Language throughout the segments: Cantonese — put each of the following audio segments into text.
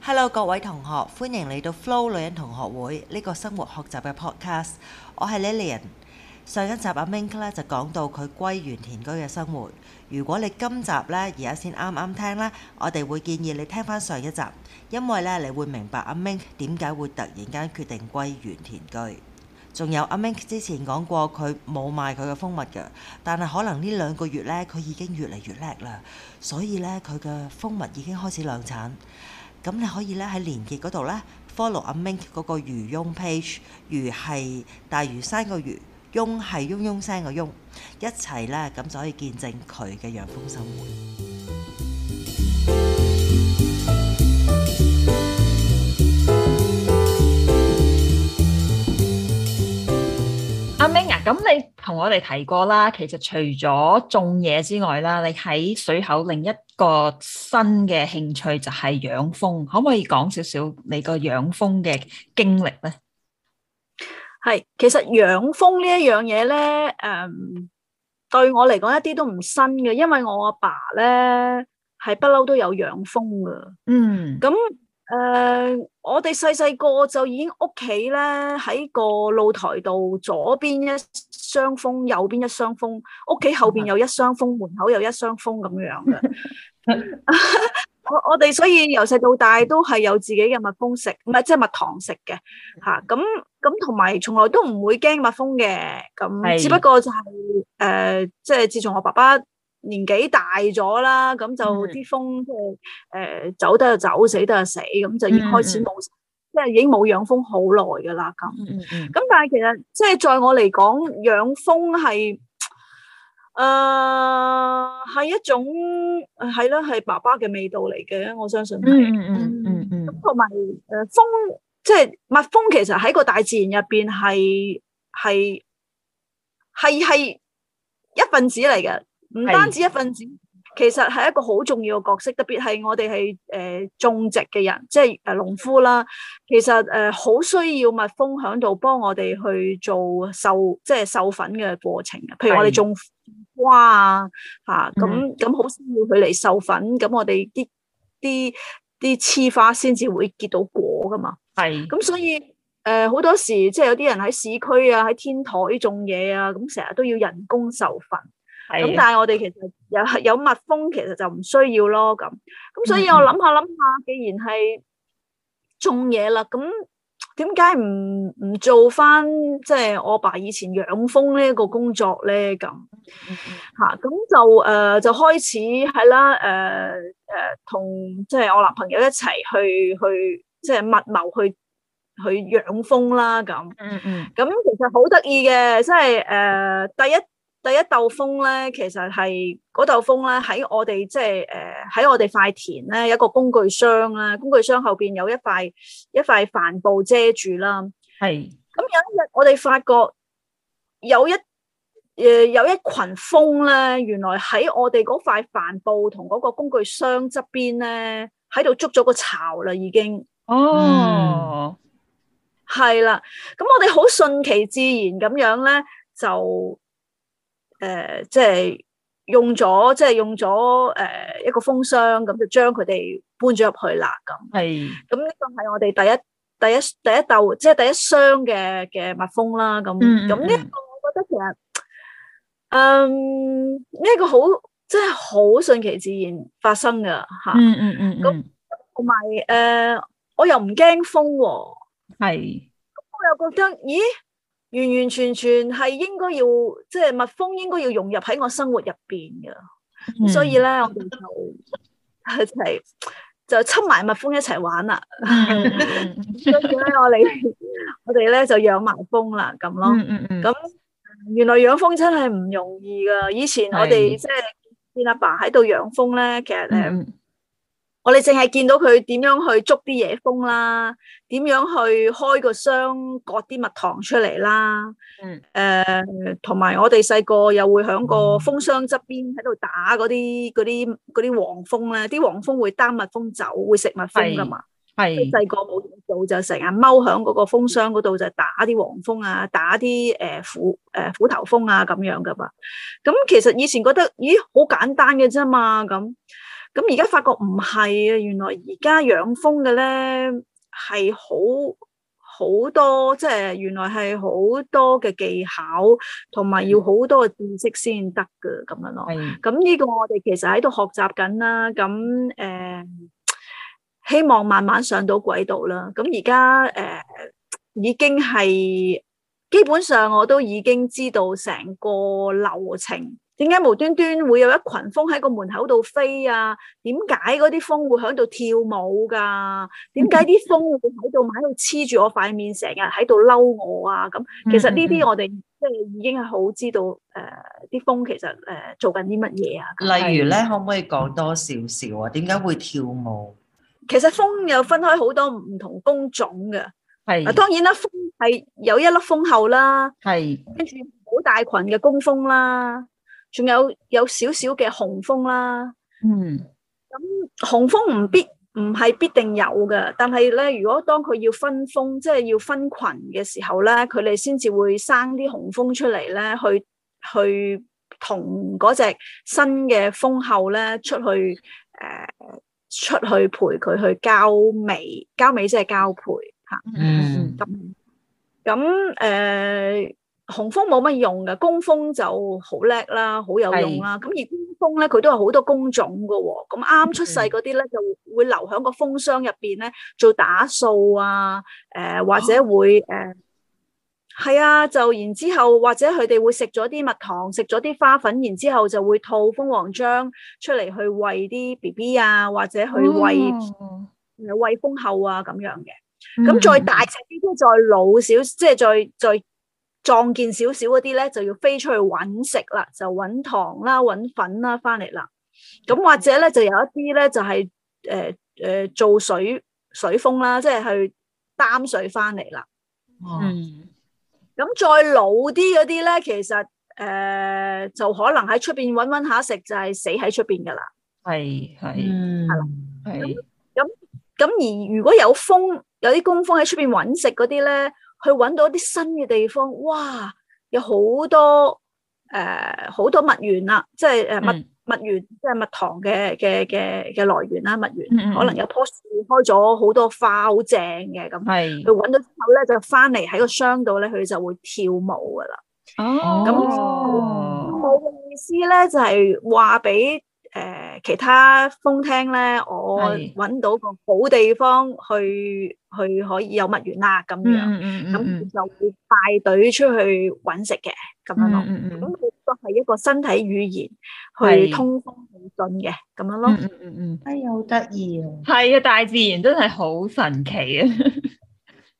Hello，各位同學，歡迎嚟到 Flo 女人同學會呢、這個生活學習嘅 podcast。我係 Lillian。上一集阿、啊、Mink 咧就講到佢歸園田居嘅生活。如果你今集咧而家先啱啱聽咧，我哋會建議你聽返上一集，因為咧你會明白阿、啊、Mink 點解會突然間決定歸園田居。仲有阿、啊、Mink 之前講過佢冇賣佢嘅蜂蜜嘅，但係可能呢兩個月咧佢已經越嚟越叻啦，所以咧佢嘅蜂蜜已經開始量產。咁你可以咧喺連結嗰度咧 follow 阿 Mink 嗰個嶼嗡 page，嶼係大嶼山個嶼，嗡係嗡嗡聲個嗡，一齊咧咁就可以見證佢嘅養蜂生活。咁、啊、你同我哋提過啦，其實除咗種嘢之外啦，你喺水口另一個新嘅興趣就係養蜂，可唔可以講少少你個養蜂嘅經歷咧？係，其實養蜂呢一樣嘢咧，誒、嗯，對我嚟講一啲都唔新嘅，因為我阿爸咧係不嬲都有養蜂噶。嗯，咁。誒，uh, 我哋細細個就已經屋企咧喺個露台度，左邊一箱蜂，右邊一箱蜂，屋企後邊有一箱蜂，門口又一箱蜂咁樣嘅。 我我哋，所以由細到大都係有自己嘅蜜蜂食，唔係即係蜜糖食嘅嚇。咁咁同埋從來都唔會驚蜜蜂嘅。咁是只不過就係、是、誒，即、呃、係、就是、自從我爸爸。年紀大咗啦，咁就啲蜂即係誒走得就走，死得就死，咁就已經開始冇、嗯嗯，即係已經冇養蜂好耐噶啦咁。咁但係其實即係在我嚟講，養蜂係誒係一種係啦，係爸爸嘅味道嚟嘅，我相信係。嗯嗯嗯嗯。咁同埋誒蜂即係蜜蜂，其實喺個大自然入邊係係係係一份子嚟嘅。唔單止一份子，其實係一個好重要嘅角色，特別係我哋係誒種植嘅人，即係誒農夫啦。其實誒好、呃、需要蜜蜂響度幫我哋去做授，即係授粉嘅過程。譬如我哋種花啊，吓咁咁好需要佢嚟授粉。咁我哋啲啲啲雌花先至會結到果噶嘛。係咁是，所以誒好、呃、多時即係有啲人喺市區啊，喺天台種嘢啊，咁成日都要人工授粉。咁但係我哋其實有有蜜蜂，其實就唔需要咯咁。咁所以，我諗下諗下，既然係種嘢啦，咁點解唔唔做返即係我爸以前養蜂呢一個工作咧？咁嚇咁就誒、呃、就開始係啦誒誒，同即係我男朋友一齊去去即係密謀去去養蜂啦咁。嗯嗯。咁其實好得意嘅，即係誒第一。第一竇蜂咧，其實係嗰竇蜂咧喺我哋即係誒喺我哋塊田咧有一個工具箱啦，工具箱後邊有一塊一塊帆布遮住啦。係咁，有一日我哋發覺有一誒有一群蜂咧，原來喺我哋嗰塊帆布同嗰個工具箱側邊咧喺度築咗個巢啦，已經哦係啦。咁我哋好順其自然咁樣咧就，誒、呃，即係用咗，即係用咗誒、呃、一個蜂箱，咁就將佢哋搬咗入去啦。咁係，咁呢個係我哋第一、第一、第一竇，即係第一箱嘅嘅蜜蜂啦。咁，咁呢、嗯嗯嗯、個我覺得其實，嗯、呃，呢、這個好，即係好順其自然發生噶吓。啊、嗯，嗯嗯嗯。咁同埋誒，我又唔驚蜂喎。係的。咁我又覺得，咦？完完全全係應該要，即、就、係、是、蜜蜂應該要融入喺我生活入邊噶，嗯、所以咧我哋就一齊 就湊、是、埋蜜蜂一齊玩啦。跟住咧我哋我哋咧就養埋蜂啦，咁咯。咁、嗯嗯嗯、原來養蜂真係唔容易噶。以前我哋是即係見阿爸喺度養蜂咧，其實誒。嗯我哋淨係見到佢點樣去捉啲野蜂啦，點樣去開個箱割啲蜜糖出嚟啦。嗯，誒、呃，同埋我哋細個又會響個蜂箱側邊喺度打嗰啲嗰啲啲黃蜂咧，啲黃蜂會擔蜜蜂，蜂走，會食蜜蜂噶嘛。係細個冇做就成日踎響嗰個蜂箱嗰度就打啲黃蜂啊，打啲誒、呃、虎誒、呃、虎頭蜂啊咁樣噶嘛。咁其實以前覺得咦好簡單嘅啫嘛咁。咁而家發覺唔係啊！原來而家養蜂嘅咧係好好多，即係原來係好多嘅技巧，同埋要好多嘅知識先得嘅咁樣咯。咁呢個我哋其實喺度學習緊啦。咁誒、呃，希望慢慢上到軌道啦。咁而家誒，已經係基本上我都已經知道成個流程。點解無端端會有一群蜂喺個門口度飛啊？點解嗰啲蜂會喺度跳舞噶、啊？點解啲蜂會喺度喺度黐住我塊面成日喺度嬲我啊？咁其實呢啲我哋即係已經係好知道誒，啲、呃、蜂其實誒做緊啲乜嘢啊？例如咧，可唔可以講多少少啊？點解會跳舞？其實蜂又分開好多唔同工種嘅，係的，當然啦，蜂係有一粒蜂后啦，係的，跟住好大群嘅工蜂啦。仲有有少少嘅雄蜂啦，嗯，咁雄蜂唔必唔係必定有嘅，但係咧，如果當佢要分蜂，即係要分群嘅時候咧，佢哋先至會生啲雄蜂出嚟咧，去去同嗰隻新嘅蜂后咧出去，誒，出去陪佢去交尾，交尾即係交配吓，嗯，咁咁誒。雄蜂冇乜用噶，工蜂就好叻啦，好有用啦。咁是而工蜂咧，佢都有好多工種噶。咁啱出世嗰啲咧，嗯、就會留喺個蜂箱入邊咧做打掃啊。誒、呃，或者會誒，係、哦呃、啊。就然之後，或者佢哋會食咗啲蜜糖，食咗啲花粉，然之後就會吐蜂王漿出嚟去餵啲 B B 啊，或者去餵、哦、餵蜂后啊，咁樣嘅。咁、嗯嗯、再大隻啲啲，再老少，即係再再。再再撞見少少嗰啲咧，就要飛出去揾食啦，就揾糖啦、揾粉啦，翻嚟啦。咁或者咧，就有一啲咧，就係誒誒做水水蜂啦，即係去擔水翻嚟啦。嗯。咁再老啲嗰啲咧，其實誒、呃、就可能喺出邊揾揾下食，就係、是、死喺出邊噶啦。係係。嗯。係啦的，係的。咁咁而如果有風，有啲工蜂喺出邊揾食嗰啲咧。去揾到一啲新嘅地方，哇！有好多誒好、呃、多蜜源啦、啊，即係誒蜜、嗯、蜜源即係蜜糖嘅嘅嘅嘅來源啦、啊，蜜源、嗯嗯、可能有棵樹開咗好多花，好正嘅咁。係佢揾到之後咧，就翻嚟喺個箱度咧，佢就會跳舞噶啦。哦，咁舞嘅意思咧就係話俾誒。呃其他蜂聽咧，我搵到個好地方去，去可以有蜜源啦，咁樣，咁就會帶隊出去搵食嘅，咁樣咯。咁佢都係一個身體語言去通風好信嘅，咁樣咯。嗯嗯，哎呀，好得意啊！係啊，大自然真係好神奇啊！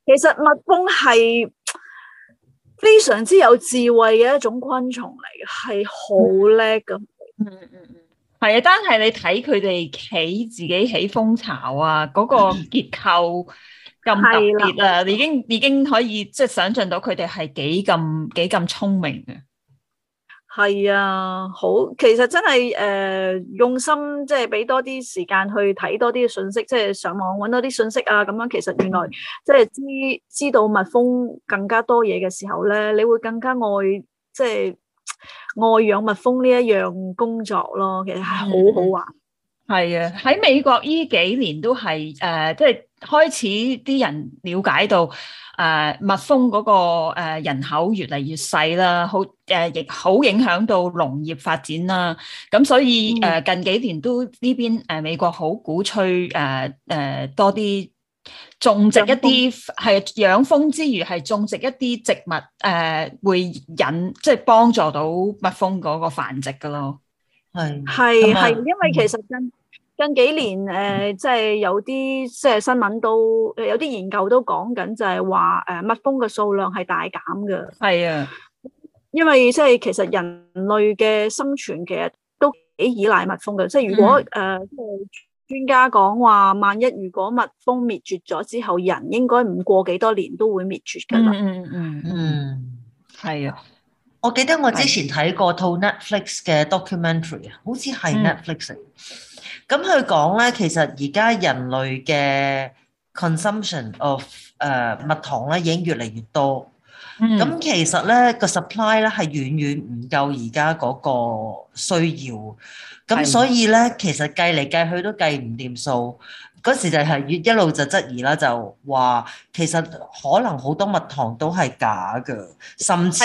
其實蜜蜂係非常之有智慧嘅一種昆蟲嚟嘅，係好叻嘅。嗯嗯。係啊，單係你睇佢哋起自己起蜂巢啊，嗰、那個結構咁特別啊，的已經已經可以即係、就是、想象到佢哋係幾咁幾咁聰明嘅。係啊，好，其實真係誒、呃，用心即係俾多啲時間去睇多啲信息，即、就、係、是、上網搵多啲信息啊。咁樣其實原來即係知知道蜜蜂更加多嘢嘅時候咧，你會更加愛即係。就是愛養蜜蜂呢一樣工作咯，其實係好好玩。係啊，喺美國呢幾年都係誒，即係開始啲人了解到誒蜜蜂嗰個誒人口越嚟越細啦，好誒亦好影響到農業發展啦。咁所以誒近幾年都呢邊誒美國好鼓吹誒誒多啲。種植一啲係蜂養蜂之餘，係種植一啲植物，誒、呃、會引即係幫助到蜜蜂嗰個繁殖噶咯。係係係，因為其實近近幾年，誒、呃就是、即係有啲即係新聞都，有啲研究都講緊就係話，誒蜜蜂嘅數量係大減噶。係啊，因為即、就、係、是、其實人類嘅生存其實都幾依賴蜜蜂噶，即、就、係、是、如果誒即係。嗯專家講話，萬一如果蜜蜂滅絕咗之後，人應該唔過幾多年都會滅絕㗎啦、嗯。嗯嗯嗯嗯，係啊！我記得我之前睇過套 Netflix 嘅 documentary，好似係 Netflix。咁佢講咧，其實而家人類嘅 consumption of 誒、uh, 蜜糖咧已經越嚟越多。咁、嗯、其實咧、呢個 supply 咧係遠遠唔夠而家嗰個需要，咁所以咧的其實計嚟計去都計唔掂數，嗰時就係一路就質疑啦，就話其實可能好多蜜糖都係假嘅，甚至。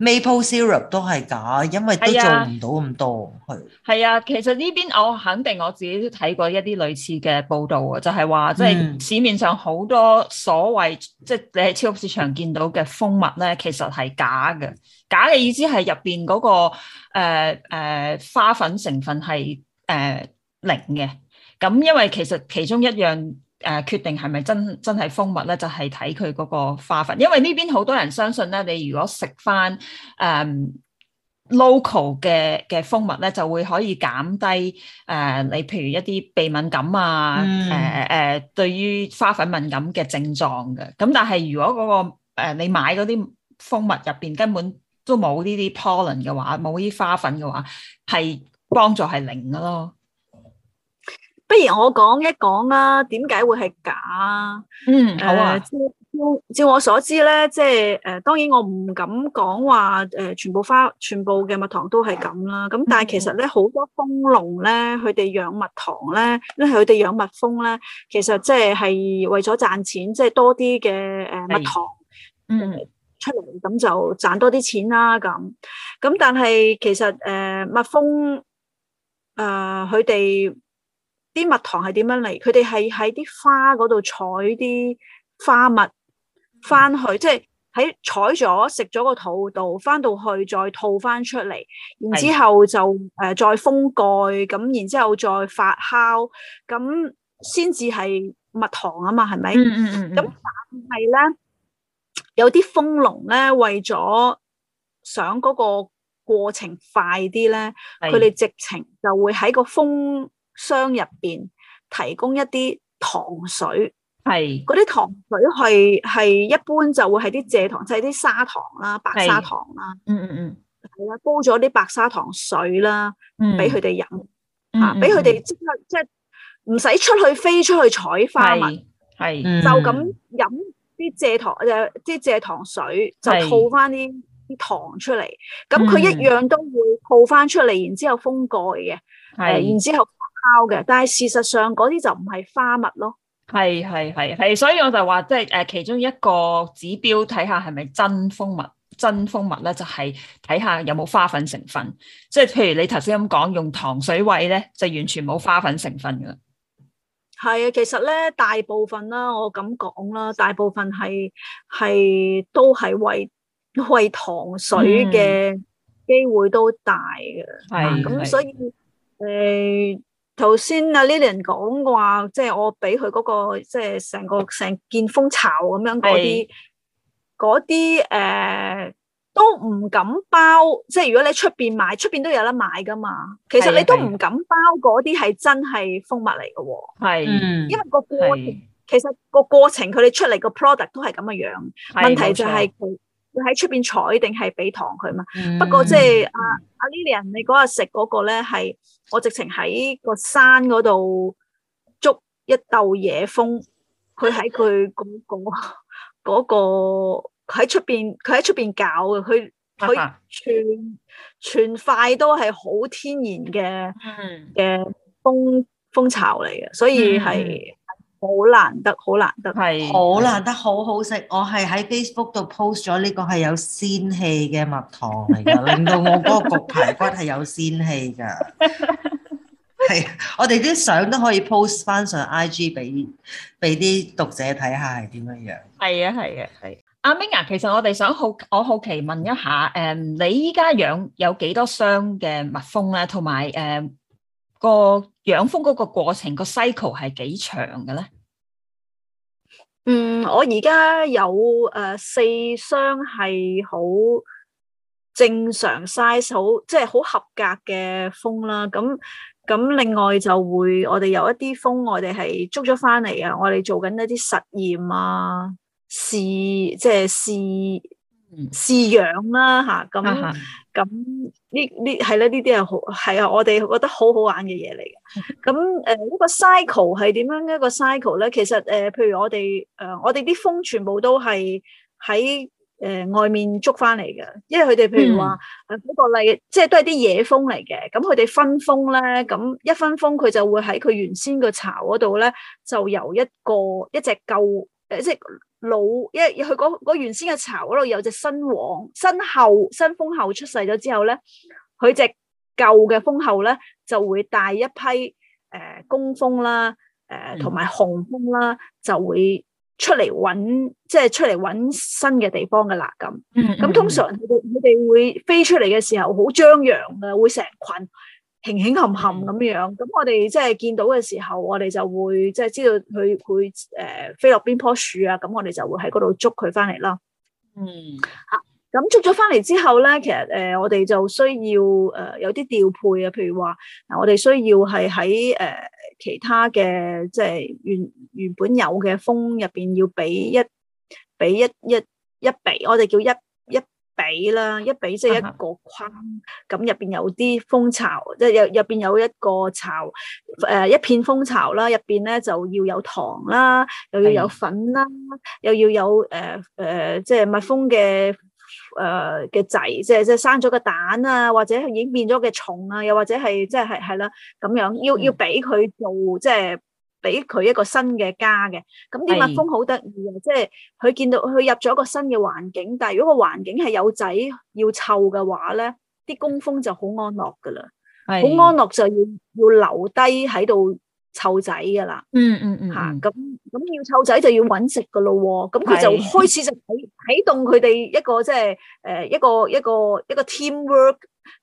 Maple syrup 都係假，因為都做唔到咁多。係係啊，啊，其實呢邊我肯定我自己都睇過一啲類似嘅報道，就係話即係市面上好多所謂、嗯、即係你喺超級市場見到嘅蜂蜜咧，其實係假嘅。假嘅意思係入邊嗰個誒、呃呃、花粉成分係誒、呃、零嘅。咁因為其實其中一樣。誒、呃、決定係咪真真係蜂蜜咧，就係睇佢嗰個花粉。因為呢邊好多人相信咧，你如果食翻誒 local 嘅嘅蜂蜜咧，就會可以減低誒、呃、你譬如一啲鼻敏感啊，誒誒、嗯呃呃、對於花粉敏感嘅症狀嘅。咁但係如果嗰、那個、呃、你買嗰啲蜂蜜入邊根本都冇呢啲 pollen 嘅話，冇啲花粉嘅話，係幫助係零㗎咯。不如我講一講啦，點解會係假啊？嗯，好啊。照照照我所知咧，即係誒，當然我唔敢講話誒，全部花全部嘅蜜糖都係咁啦。咁但係其實咧，好多蜂農咧，佢哋養蜜糖咧，因為佢哋養蜜蜂咧，其實即係係為咗賺錢，即係多啲嘅誒蜜糖嗯出嚟，咁就賺多啲錢啦。咁咁但係其實誒蜜蜂啊佢哋。啲蜜糖係點樣嚟？佢哋係喺啲花嗰度採啲花蜜翻、嗯、去，即係喺採咗食咗個肚度，翻到去再吐翻出嚟，然之後就誒的、呃、再封蓋，咁然之後再發酵，咁先至係蜜糖啊嘛，係咪、嗯？嗯嗯嗯。咁但係咧，有啲蜂農咧為咗想嗰個過程快啲咧，佢哋的直情就會喺個蜂。箱入邊提供一啲糖水，係嗰啲糖水係係一般就會係啲蔗糖，就係啲砂糖啦，白砂糖啦，嗯嗯嗯，係啦，煲咗啲白砂糖水啦，嗯，俾佢哋飲，吓俾佢哋即係即係唔使出去飛出去採花蜜，係就咁飲啲蔗糖誒，啲蔗糖水就吐翻啲糖出嚟，咁佢一樣都會吐翻出嚟，然之後封蓋嘅，係，然之後。嘅，但係事實上嗰啲就唔係花蜜咯。係係係係，所以我就話即係誒，其中一個指標睇下係咪真蜂蜜，真蜂蜜咧就係睇下有冇花粉成分。即係譬如你頭先咁講，用糖水餵咧，就完全冇花粉成分噶。係啊，其實咧大部分啦，我咁講啦，大部分係係都係餵餵糖水嘅機會都大噶。係咁、嗯，啊、所以誒。呃頭先阿 Lily 講話，即係、就是、我俾佢嗰個，即係成個成件蜂巢咁樣嗰啲，嗰啲誒都唔敢包。即、就、係、是、如果你出邊買，出邊都有得買噶嘛。其實你都唔敢包嗰啲係真係蜂蜜嚟噶喎。係是，因為個過程，是其實個過程佢哋是出嚟個 product 都係咁嘅樣。是問題就係、是佢喺出邊採定係俾糖佢嘛？嗯、不過即、就、係、是、阿阿、啊啊、Lillian，你嗰日食嗰個咧係我直情喺個山嗰度捉一竇野蜂，佢喺佢嗰個嗰個喺出邊佢喺出邊搞嘅，佢佢、 那個、全 全塊都係好天然嘅嘅蜂蜂巢嚟嘅，所以係。嗯好難得，好難得係，好難得，是難得好好食。我係喺 Facebook 度 post 咗呢個係有仙氣嘅蜜糖嚟噶， 令到我嗰個焗排骨係有仙氣噶。係， 我哋啲相都可以 post 翻上，上 IG 俾俾啲讀者睇下係點樣樣。係啊，係啊，係。阿 Mink 啊，其實我哋想好，我好奇問一下，誒、嗯，你依家養有幾多箱嘅蜜蜂咧？同埋，誒、嗯。個養蜂嗰個過程個 cycle 係幾長嘅咧？嗯，我而家有誒、呃、四箱係好正常 size，好即係好合格嘅蜂啦。咁咁另外就會我哋有一啲蜂，我哋係捉咗翻嚟啊，我哋做緊一啲實驗啊，試即係試試養啦吓咁。咁呢，呢係咧，呢啲係好係啊，我哋覺得好好玩嘅嘢，嚟嘅。咁誒， 呃這個 cycle 係點樣一個 cycle 咧？其實誒、呃，譬如我哋誒、呃，我哋啲蜂全部都係喺誒外面捉翻嚟嘅，因為佢哋譬如話誒舉個例，即係都係啲野蜂嚟嘅。咁佢哋分蜂咧，咁一分蜂佢就會喺佢原先個巢嗰度咧，就由一個一隻舊誒隻。呃即老因為佢嗰個原先嘅巢嗰度有隻新王、新后、新蜂后出世咗之後咧，佢隻舊嘅蜂后咧就會帶一批誒工蜂啦，誒同埋雄蜂啦，就會出嚟搵，即係出嚟搵新嘅地方嘅啦咁。咁 通常佢哋佢哋會飛出嚟嘅時候好張揚噶，會成群。輕輕冚冚咁樣，咁我哋即係見到嘅時候，我哋就會即係知道佢會誒飛落邊棵樹、嗯、啊，咁我哋就會喺嗰度捉佢翻嚟咯。嗯，好。咁捉咗翻嚟之後咧，其實誒、呃、我哋就需要誒、呃、有啲調配啊，譬如話嗱、呃，我哋需要係喺誒其他嘅即係原原本有嘅蜂入邊要俾一俾一一一俾，我哋叫一。俾啦，一比即係一個框，咁入邊有啲蜂巢，即係入入邊有一個巢，誒一片蜂巢啦，入邊咧就要有糖啦，又要有粉啦，嗯、又要有誒誒，即、呃、係、呃即係、蜜蜂嘅誒嘅仔，即係即係生咗個蛋啊，或者係已經變咗嘅蟲啊，又或者係即係係係啦咁樣，要要俾佢做即係。即係俾佢一個新嘅家嘅，咁啲蜜蜂好得意啊！是即係佢見到佢入咗一個新嘅環境，但係如果個環境係有仔要湊嘅話咧，啲工蜂就好安樂噶啦，好是安樂就要要留低喺度湊仔噶啦。嗯嗯嗯，吓咁咁要湊仔就要搵食噶咯喎，咁佢是、啊、就開始就起啟動佢哋一個即係誒一個一個一個 teamwork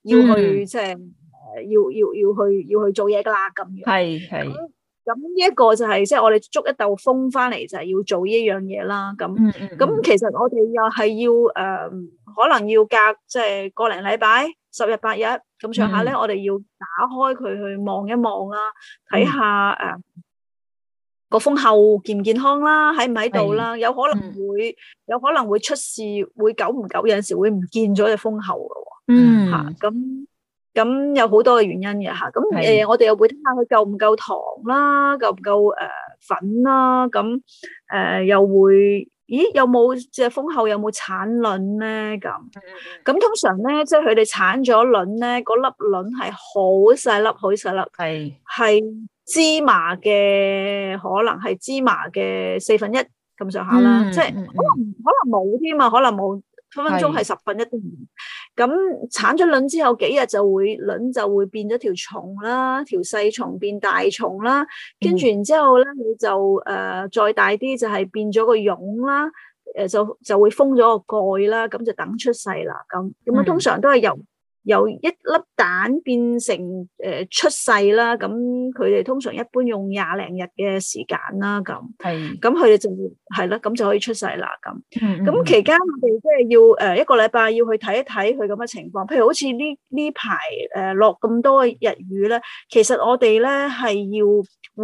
要去即係要要要去、呃、要，要，要，要，要，要去，要去要要做嘢噶啦，咁樣係係。咁呢一個就係即係我哋捉一竇蜂翻嚟就係要做呢一樣嘢啦。咁咁其實我哋又係要誒，可能要隔即係個零禮拜、十日八日咁上下咧，我哋要打開佢去望一望啦，睇下誒個蜂后健唔健康啦，喺唔喺度啦？有可能會有可能會出事，會久唔久有陣時會唔見咗隻蜂后嘅喎。嗯，嚇咁。咁有好多嘅原因嘅吓，咁誒，我哋又會睇下佢夠唔夠糖啦，夠唔夠誒粉啦，咁誒又會，咦，有冇隻蜂后有冇產卵咧？咁，咁通常咧，即係佢哋產咗卵咧，嗰粒卵係好細粒，好細粒，係係芝麻嘅，可能係芝麻嘅四分一咁上下啦，即係可能冇添啊，可能冇。分分鐘係十分一啲，咁產咗卵之後幾日就會卵就會變咗條蟲啦，條細蟲變大蟲啦，跟住然之後咧你就誒、呃、再大啲就係變咗個蛹啦，誒、呃、就就會封咗個蓋啦，咁就等出世啦，咁咁啊通常都係由。由一粒蛋變成誒出世啦，咁佢哋通常一般用廿零日嘅時間啦，咁，咁佢哋就係啦，咁就可以出世啦，咁，咁期間我哋即係要誒一個禮拜要去睇一睇佢咁嘅情況，譬如好似呢呢排誒落咁多日雨咧，其實我哋咧係要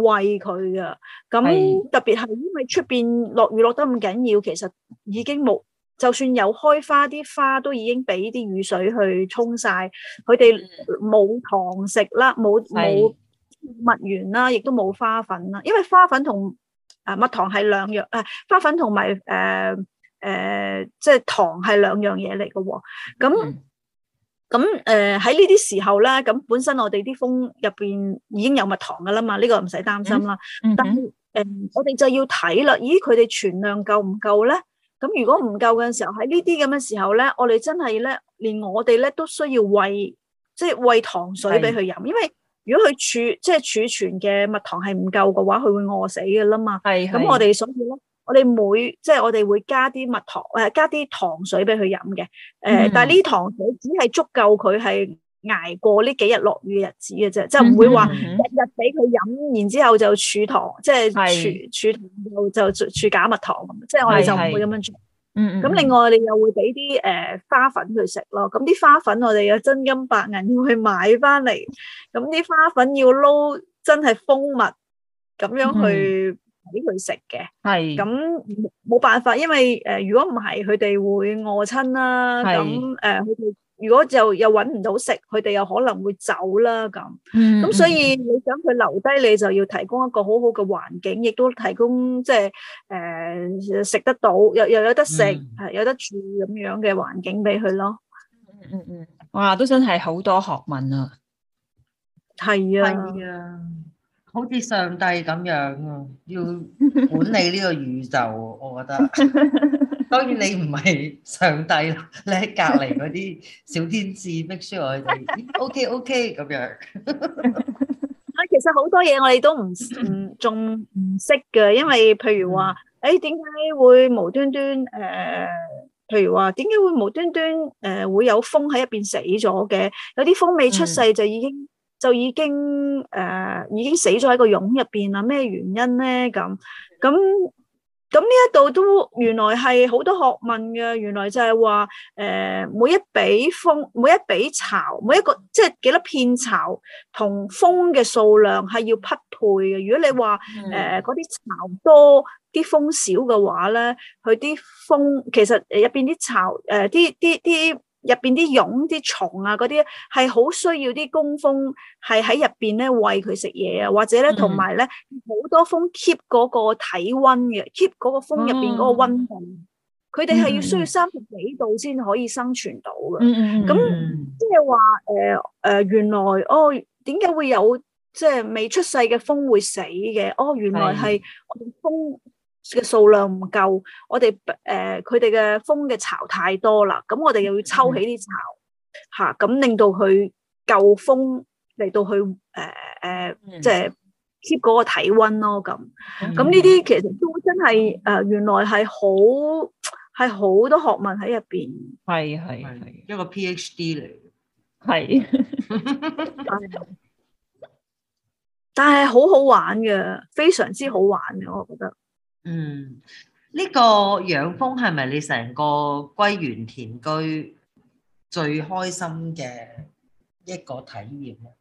餵佢㗎，咁特別係因為出邊落雨落得咁緊要，其實已經冇。就算有開花，啲花都已經俾啲雨水去沖晒。佢哋冇糖食啦，冇冇蜜源啦，亦都冇花粉啦。因為花粉同啊蜜糖係兩樣，誒、啊、花粉同埋誒誒即係糖係兩樣嘢嚟嘅喎。咁咁誒喺呢啲時候咧，咁本身我哋啲蜂入邊已經有蜜糖噶啦嘛，呢、呢個唔使擔心啦。但係、呃、我哋就要睇啦。咦，佢哋存量夠唔夠咧？咁如果唔夠嘅時候，喺呢啲咁嘅時候咧，我哋真係咧，連我哋咧都需要餵，即係餵糖水俾佢飲，是的 因為如果佢儲即係儲存嘅蜜糖係唔夠嘅話，佢會餓死嘅啦嘛。係，咁我哋所以咧，是的 我哋每即係、就是、我哋會加啲蜜糖，誒，加啲糖水俾佢飲嘅。誒是的、呃，但係呢糖水只係足夠佢係。捱過呢幾日落雨嘅日子嘅啫，即係唔、係、會話日日俾佢飲，然之後就儲糖、即係、的糖，糖，即係儲儲就就儲假蜜糖咁。即係我哋就唔會咁樣做。嗯，咁的另外，我哋又會俾啲誒花粉佢食咯。咁啲花粉我哋有真金白銀要去買翻嚟。咁啲花粉要撈真係蜂蜜咁樣去俾佢食嘅。係的。咁冇辦法，因為誒、呃，如果唔係佢哋會餓親啦。係。咁誒佢哋。如果就又揾唔到食，佢哋又可能會走啦咁。咁、嗯嗯、所以你想佢留低，你就要提供一個好好嘅環境，亦都提供即係誒食得到，又又有得食，係、嗯、有得住咁樣嘅環境俾佢咯。嗯嗯嗯嗯，哇，真係好多學問啊！係啊，係啊，好似上帝咁樣啊，要管理呢個宇宙， 我覺得。 當然你唔係上帝，你喺隔離嗰啲小天使 make sure 我哋，OK OK 咁樣。啊，其實好多嘢我哋都唔唔仲唔識嘅，因為譬如話，誒點解會無端端誒？譬如話點解會無端端誒會有蜂喺入邊死咗嘅？有啲蜂未出世就已經就已經誒已經死咗喺個蛹入邊啦。咩原因咧？咁咁。咁呢一度都原來係好多學問嘅，原來就係話誒，每一比蜂，每一比巢，每一個即係、就是、幾粒片巢同蜂嘅數量係要匹配嘅。如果你話誒嗰啲巢多啲蜂少嘅話咧，佢啲蜂其實入邊啲巢誒啲啲啲。呃入邊啲蛹、啲蟲啊，嗰啲係好需要啲工蜂係喺入邊咧餵佢食嘢啊，或者咧同埋咧好多蜂 keep 嗰個體温嘅，keep 嗰個蜂入邊嗰個溫度，佢哋係要需要三十幾度先可以生存到嘅。咁即係話誒誒，原來哦，點解會有即係、就是、未出世嘅蜂會死嘅？哦，原來係我哋蜂嘅數量唔夠，我哋誒佢哋嘅蜂嘅巢太多啦，咁我哋又要抽起啲巢吓，咁、嗯啊、令到佢夠蜂嚟到去誒誒，即係 keep 嗰個體温咯咁。咁呢啲其實都真係誒、呃，原來係好係好多學問喺入邊，係係係一個 PhD 嚟，嘅，係 ，但係好好玩嘅，非常之好玩嘅，我覺得。嗯，呢、這個養蜂係咪你成個歸園田居最開心嘅一個體驗咧？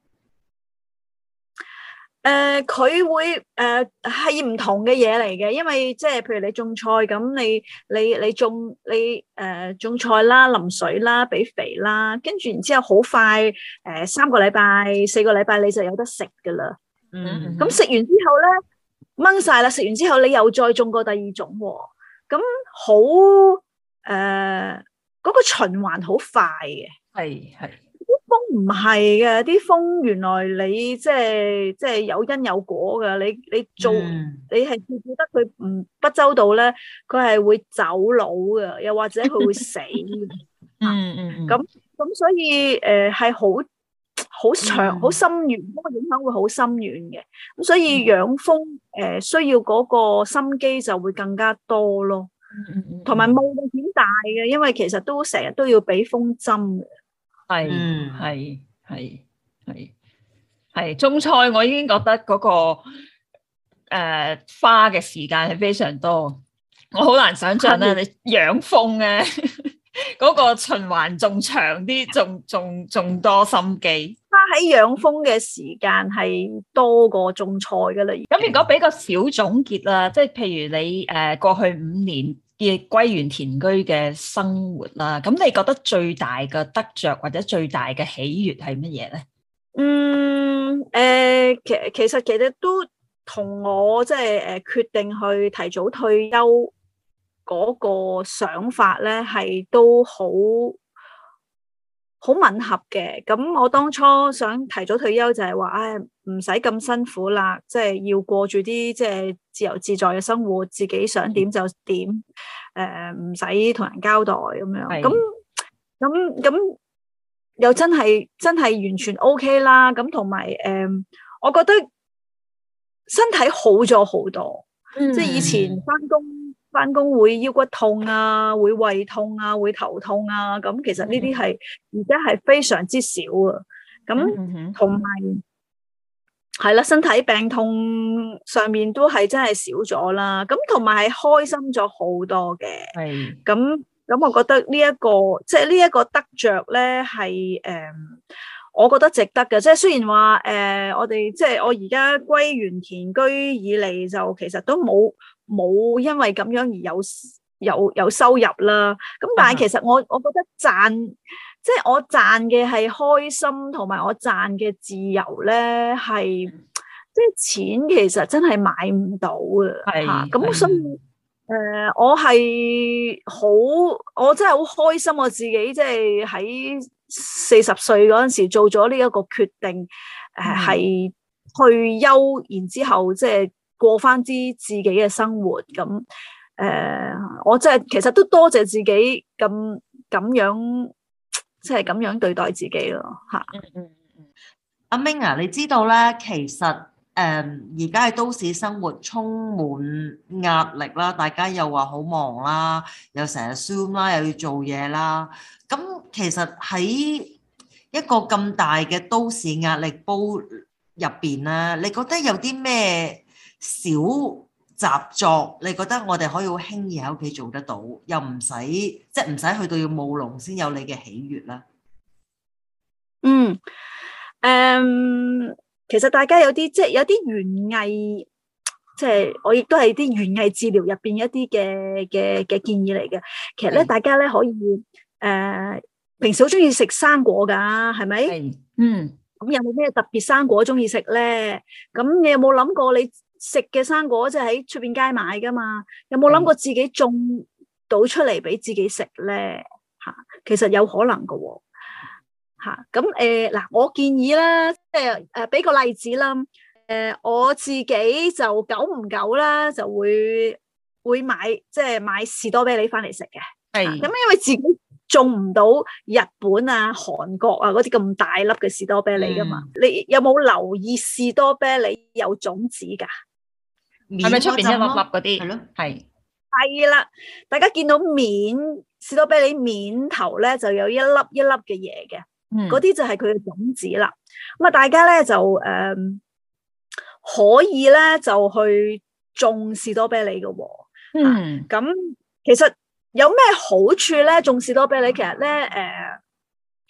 誒、呃，佢會誒係唔同嘅嘢嚟嘅，因為即、就、係、是、譬如你種菜咁，你你你種你誒、呃、種菜啦，淋水啦，俾肥啦，跟住然之後好快誒、呃、三個禮拜四個禮拜你就有得食㗎喇。嗯哼哼，咁食完之後咧。掹曬啦！食完之後，你又再種過第二種喎，咁好誒嗰個循環好快嘅。係係。啲蜂唔係嘅，啲蜂原來你即係即係有因有果㗎。你你做你係照顧得佢唔不周到咧，佢係會走佬嘅，又或者佢會死。嗯嗯嗯。咁咁所以誒係好，好長，好深遠，咁個影響會好深遠嘅。咁所以養蜂誒，需要嗰個心機就會更加多咯。嗯嗯嗯，同埋冒風險大嘅，因為其實都成日都要俾蜂針嘅。係系系系系，種菜我已經覺得嗰個誒花嘅時間係非常多，我好難想象咧，你養蜂啊！嗰個循環仲長啲，仲仲仲多心機。哇！喺養蜂嘅時間係多過種菜㗎喇。咁如果俾個小總結啦，即係譬如你誒過去五年嘅歸園田居嘅生活啦，咁你覺得最大嘅得著或者最大嘅喜悅係乜嘢咧？嗯誒，其其實其實都同我即係誒決定去提早退休。嗰個想法咧，係都好好吻合嘅。咁我當初想提早退休就係話，唉，唔使咁辛苦啦，即係要過住啲即係自由自在嘅生活，自己想點就點。誒，唔使同人交代咁樣。咁咁咁又真係真係完全 OK 啦。咁同埋誒，我覺得身體好咗好多，嗯，即係以前翻工。返工會腰骨痛啊，會胃痛啊，會頭痛啊，咁其實呢啲係，而家係非常之少啊。咁同埋係啦，身體病痛上面都係真係少咗啦。咁同埋係開心咗好多嘅。係咁咁，hmm. 我覺得呢一個即係呢一個得着咧，係誒，我覺得值得嘅。即係雖然話誒，我哋即係我而家歸園田居以嚟，就其實都冇。冇因為咁樣而有有有收入啦，咁但係其實我我覺得賺，即係我賺嘅係開心，同埋我賺嘅自由咧係，即係錢其實真係買唔到是啊！係，咁所以誒的，呃，我係好，我真係好開心我自己，即係喺四十歲嗰陣時做咗呢一個決定，誒，係退休，然之後即係。過翻啲自己嘅生活咁，誒，我真係其實都多謝自己咁咁樣，即係咁樣對待自己咯吓。阿明啊，你知道咧，其實誒，而家喺都市生活充滿壓力啦，大家又話好忙啦，又成日 zoom 啦，又要做嘢啦。咁其實喺一個咁大嘅都市壓力煲入邊咧，你覺得有啲咩？小習作，你覺得我哋可以好輕易喺屋企做得到，又唔使即係唔使去到要務農先有你嘅喜悅啦、嗯。嗯，誒，其實大家有啲即係有啲園藝，即係、就是、我亦都係啲園藝治療入邊一啲嘅嘅嘅建議嚟嘅。其實咧，是大家咧可以誒、呃，平時好中意食生果噶，係咪？是嗯。咁有冇咩特別生果中意食咧？咁你有冇諗過你？食嘅生果即係喺出邊街買㗎嘛，有冇諗過自己種到出嚟俾自己食咧？吓，其實有可能㗎，啊，吓咁誒嗱，我建議啦，即係誒，俾個例子啦，誒、呃，我自己就久唔久啦，就會會買即係、就是、買士多啤梨返嚟食嘅，係咁是、啊，因為自己種唔到日本啊、韓國啊嗰啲咁大粒嘅士多啤梨㗎嘛，嗯，你有冇留意士多啤梨有種子㗎？係咪，出邊一粒粒嗰啲？係咯，係係啦，大家見到面，士多啤梨面頭咧就有一粒一粒嘅嘢嘅，嗰啲，嗯、就係佢嘅種子啦。咁啊，大家咧就誒、呃，可以咧就去種士多啤梨嘅，啊。嗯，咁，啊、其實有咩好處咧？種士多啤梨，其實咧誒。呃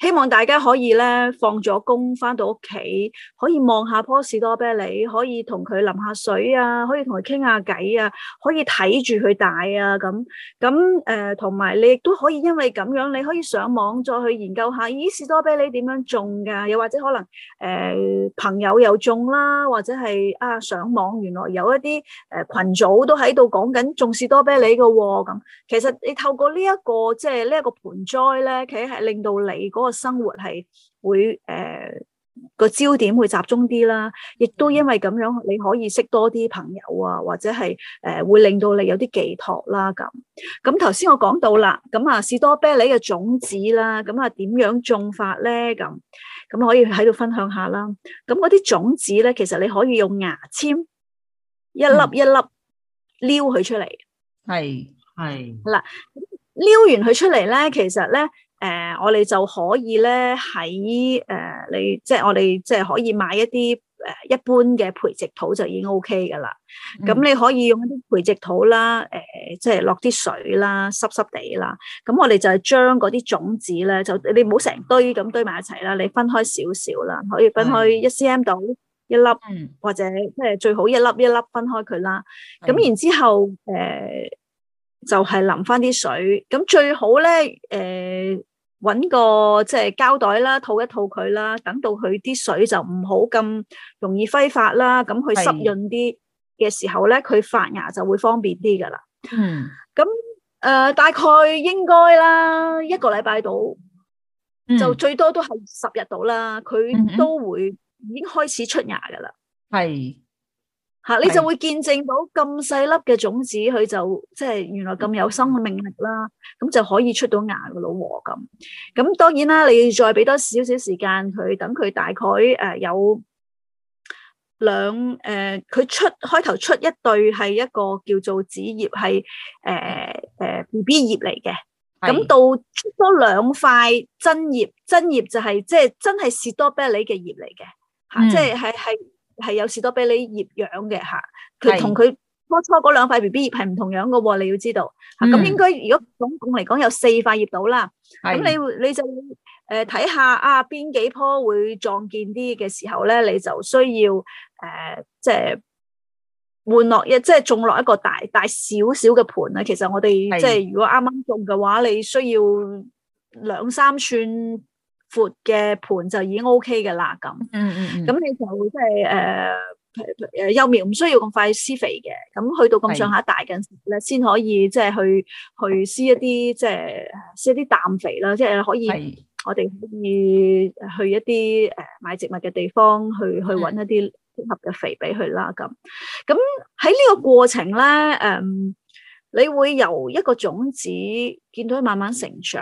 希望大家可以咧放咗工翻到屋企，可以望下棵士多啤梨，可以同佢淋下水啊，可以同佢傾下偈啊，可以睇住佢大啊咁。咁誒，同埋你亦都可以因為咁樣，你可以上網再去研究下，咦士多啤梨點樣種㗎？又或者可能誒朋友有種啦，或者係啊上網原來有一啲誒羣組都喺度講緊種士多啤梨㗎喎咁。其實你透過呢一個即係呢一個盆栽咧，其實係令到你嗰個。生活係會誒個焦點會集中啲啦，亦都因為咁樣，你可以識多啲朋友啊，或者係誒會令到你有啲寄託啦。咁咁頭先我講到啦，咁啊士多啤梨嘅種子啦，咁啊點樣種法咧？咁咁可以喺度分享下啦。咁嗰啲種子咧，其實你可以用牙籤一粒一粒撩佢出嚟。係係，嗱，撩完佢出嚟咧，其實咧。誒、呃，我哋就可以咧喺誒，你即係我哋即係可以買一啲誒、呃、一般嘅培植土就已經 OK 嘅啦。咁、嗯、你可以用一啲培植土啦，誒、呃，即係落啲水啦，濕濕地啦。咁我哋就係將嗰啲種子咧，就你唔好成堆咁堆埋一齊啦，你分開少少啦，可以分開一 cm 到一粒，或者即係最好一粒一粒分開佢啦。咁然之後誒，就係淋翻啲水，咁最好咧誒，揾個即係膠袋啦，套一套佢啦，等到佢啲水就唔好咁容易揮發啦，咁佢濕潤啲嘅時候咧，佢發芽就會方便啲噶啦。嗯，咁誒，大概應該啦，一個禮拜到，就最多都係十日到啦，佢都會已經開始出芽噶啦。係。吓，你就會見證到咁細粒嘅種子，佢就即係、就是、原來咁有生命力啦，咁、嗯、就可以出到芽嘅老禾咁。咁當然啦，你要再俾多少少時間佢，等佢大概誒、呃、有兩誒，佢、呃、出開頭出一對係一個叫做子葉係誒誒 B B 葉嚟嘅，咁、呃呃、是到出多兩塊真葉，真葉就係即係真係士多啤梨嘅葉嚟嘅，吓即係係係。係有士多啤梨葉養嘅嚇，佢同佢初初嗰兩塊 B B 葉係唔同樣嘅喎，你要知道。咁、嗯、應該如果總共嚟講有四塊葉到啦，咁是你你就誒睇下啊，邊幾棵會撞見啲嘅時候咧，你就需要誒、呃、即係換落一即係種落一個大大少少嘅盤咧。其實我哋是即係如果啱啱種嘅話，你需要兩三寸。闊嘅盤就已經 OK 嘅啦，咁、嗯嗯嗯，咁你就會即係誒誒幼苗唔需要咁快施肥嘅，咁去到咁上下大嘅時候咧，先是可以即係去去施一啲即係施一啲氮肥啦，即係可以是我哋可以去一啲誒、呃、買植物嘅地方去去揾一啲適合嘅肥俾佢啦，咁，咁喺呢個過程咧，誒、呃，你會由一個種子見到佢慢慢成長，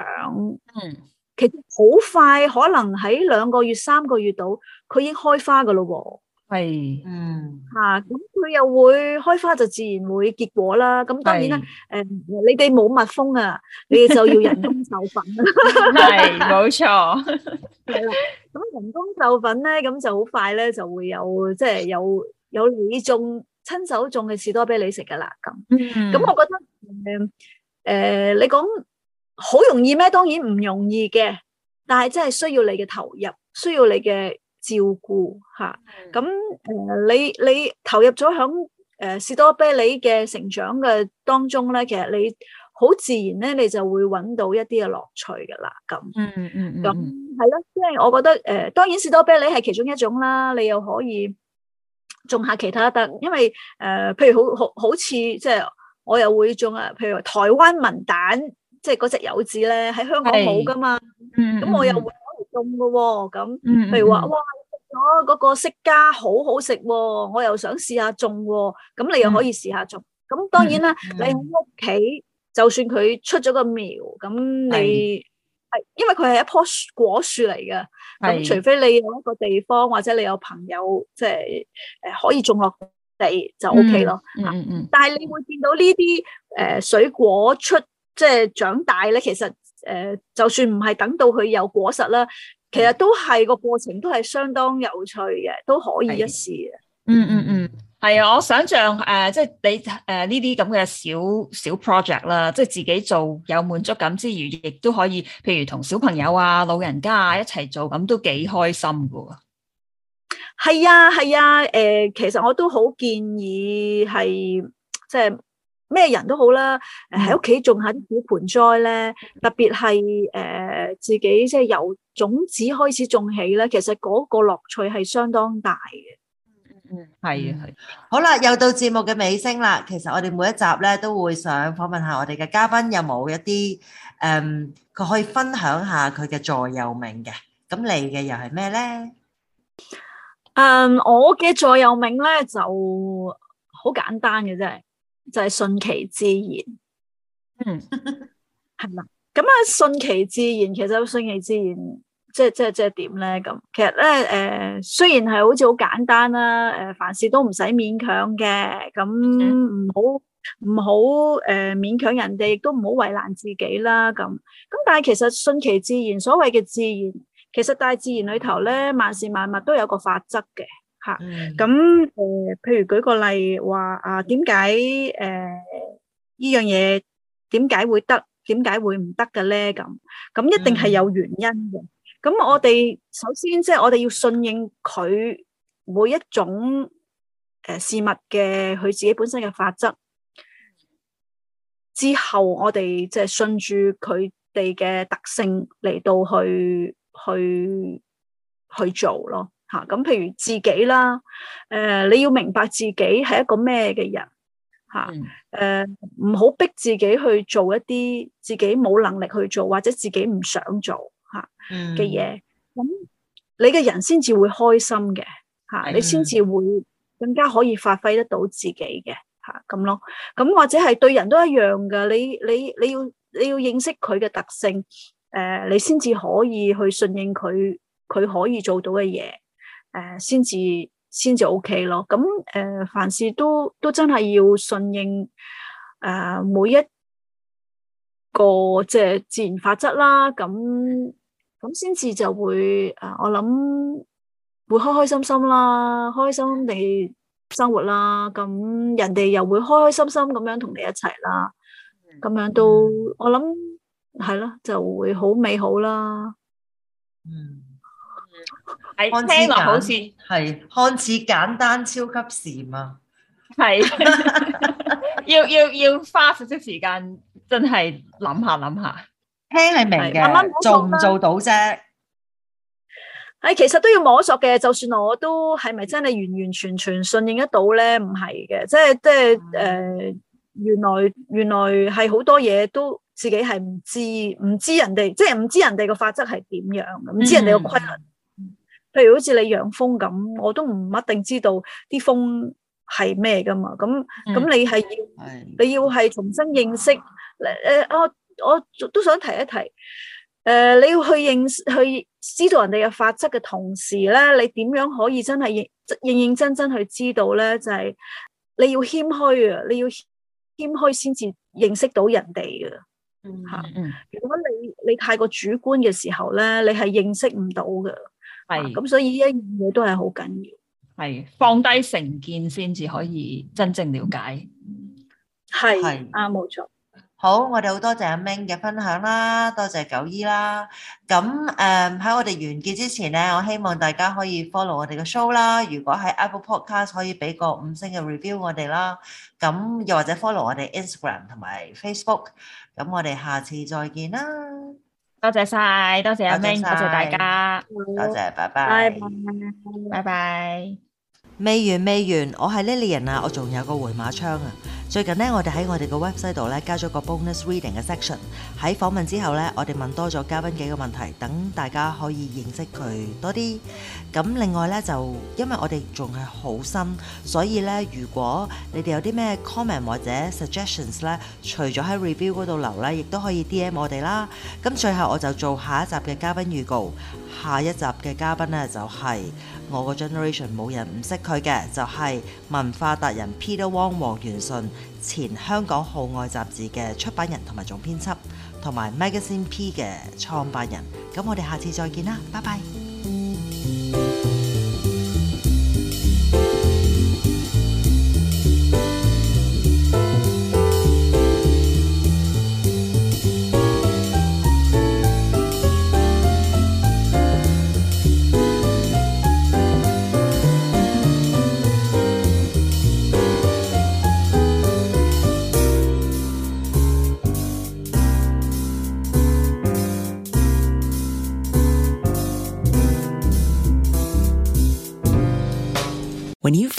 嗯。其實好快，可能喺兩個月、三個月度，佢已經開花噶咯。喎，係，嗯，吓咁佢又會開花，就自然會結果啦。咁當然啦，誒，你哋冇蜜蜂啊，你哋就要人工授粉啦。係，冇錯。係啦，咁人工授粉咧，咁就好快咧，就會有即係有有你種親手種嘅士多啤梨食噶啦。咁，咁我覺得誒，誒，你講。好容易咩？當然唔容易嘅，但係真係需要你嘅投入，需要你嘅照顧吓。咁誒，你你投入咗響誒士多啤梨嘅成長嘅當中咧，其實你好自然咧，你就會揾到一啲嘅樂趣噶啦。咁，咁係咯，即係我覺得誒，當然士多啤梨係其中一種啦，你又可以種下其他，得，因為誒，譬如好好好似即係我又會種啊，譬如台灣文旦。即係嗰隻柚子咧喺香港冇噶嘛，咁、嗯嗯、我又會攞嚟種噶喎、哦。咁，譬如話哇，你嗰個、食咗嗰個釋迦好好食、哦，我又想試下種、哦。咁你又可以試下種。咁、嗯、當然啦，嗯嗯你喺屋企就算佢出咗個苗，咁你係是因為佢係一棵果樹嚟噶。咁是除非你有一個地方或者你有朋友即係誒可以種落地就 OK 咯、嗯嗯嗯啊。但係你會見到呢啲誒水果出。即係長大咧，其實誒、呃，就算唔係等到佢有果實啦，其實都係個、嗯、過程，都係相當有趣嘅，都可以一試嘅。嗯嗯嗯，係、嗯、啊、嗯，我想象誒、呃，即係你誒呢啲咁嘅小小 project 啦，即係自己做有滿足感之餘，亦都可以，譬如同小朋友啊、老人家啊一齊做，咁都幾開心噶。係啊，係啊，誒、呃，其實我都好建議係即係。咩人都好啦，喺屋企種下啲小盆栽咧，特別係誒自己即係由種子開始種起咧，其實嗰個樂趣係相當大嘅。嗯，係啊，係。好啦，又到節目嘅尾聲啦。其實我哋每一集咧都會想訪問下我哋嘅嘉賓有冇一啲誒，佢可以分享下佢嘅座右銘嘅。咁你嘅又係咩咧？嗯，我嘅座右銘咧就好簡單嘅啫。就係順其自然，嗯，係啦。咁啊，順其自然，其實順其自然，即係即係即係點咧？咁其實咧，誒、呃，雖然係好似好簡單啦，誒、呃，凡事都唔使勉強嘅，咁唔好唔好誒，勉強人哋，亦都唔好為難自己啦。咁咁，但係其實順其自然，所謂嘅自然，其實大自然裏頭咧，萬事萬物都有個法則嘅。吓，咁誒、嗯呃，譬如舉個例話啊，點解誒呢樣嘢點解會得，點解會唔得嘅咧？咁咁一定係有原因嘅。咁、嗯、我哋首先即係、就是、我哋要順應佢每一種誒事物嘅佢自己本身嘅法則之後，我哋即係順住佢哋嘅特性嚟到去去去做咯。吓咁，譬、啊、如自己啦，誒、呃，你要明白自己係一個咩嘅人，吓、啊，誒、嗯，唔好、呃、逼自己去做一啲自己冇能力去做或者自己唔想做吓嘅嘢，咁、啊嗯啊、你嘅人先至會開心嘅，吓、啊，的你先至會更加可以發揮得到自己嘅吓咁咯，咁、啊、或者係對人都一樣㗎，你你你要你要認識佢嘅特性，誒、啊，你先至可以去順應佢，佢可以做到嘅嘢。誒，先至先至 O K 咯。咁誒、呃，凡事都都真係要順應誒、呃，每一個即係、就是、自然法則啦。咁咁先至就會誒、呃，我諗會開開心心啦，開心心地生活啦。咁人哋又會開開心心咁樣同你一齊啦。咁、嗯、樣都我諗係咯，就會好美好啦。嗯。係聽落好似係看似簡單，超級禪啊，係是 要要要花少少時間，真係諗下諗下，聽你明嘅，慢慢做唔做到啫？係，其實都要摸索嘅，就算我都係咪真係完完全全信任得到咧？唔係嘅，即係即係誒，原來原來係好多嘢都自己係唔知，唔知人哋即係唔知人哋嘅法則係點樣，唔知人哋嘅規律。嗯譬如好似你養蜂咁，我都唔一定知道啲蜂係咩噶嘛。咁咁、嗯、你係要的你要係重新認識誒誒哇、呃，我我都想提一提誒、呃，你要去認去知道人哋嘅法則嘅同時咧，你點樣可以真係認認認真真去知道咧？就係、是、你要謙虛啊，你要謙虛先至認識到人哋噶、嗯。嗯嗯嗯。如果你你太過主觀嘅時候咧，你係認識唔到噶。係咁，所以呢一樣嘢都係好緊要，係放低成見先至可以真正了解。係啱，冇錯。好，我哋好多謝阿 Mink 嘅分享啦，多謝九姨啦。咁誒，喺我哋完結之前咧，我希望大家可以 follow 我哋嘅 show 啦。如果喺 Apple Podcast 可以俾個五星嘅 review 我哋啦。咁又或者 follow 我哋 Instagram 同埋 Facebook。咁我哋下次再見啦。多謝晒，多謝阿 Mink，多謝，多謝大家，多謝，多謝，拜拜，拜拜。拜拜，拜拜。未完未完，我係 Lillian 啊！我仲有個回馬槍啊！最近呢，我哋喺我哋個 website 度咧加咗個 bonus reading 嘅 section。喺訪問之後咧，我哋問多咗嘉賓幾個問題，等大家可以認識佢多啲。咁另外咧，就因為我哋仲係好新，所以咧，如果你哋有啲咩 comment 或者 suggestions 咧，除咗喺 review 嗰度留咧，亦都可以 DM 我哋啦。咁最後我就做下一集嘅嘉賓預告。下一集嘅嘉賓呢，就係我個 generation 冇人唔識佢嘅，就係文化達人 Peter Wang 王元順，前香港號外雜誌嘅出版人同埋總編輯，同埋 Magazine P 嘅創辦人。咁我哋下次再見啦，拜拜。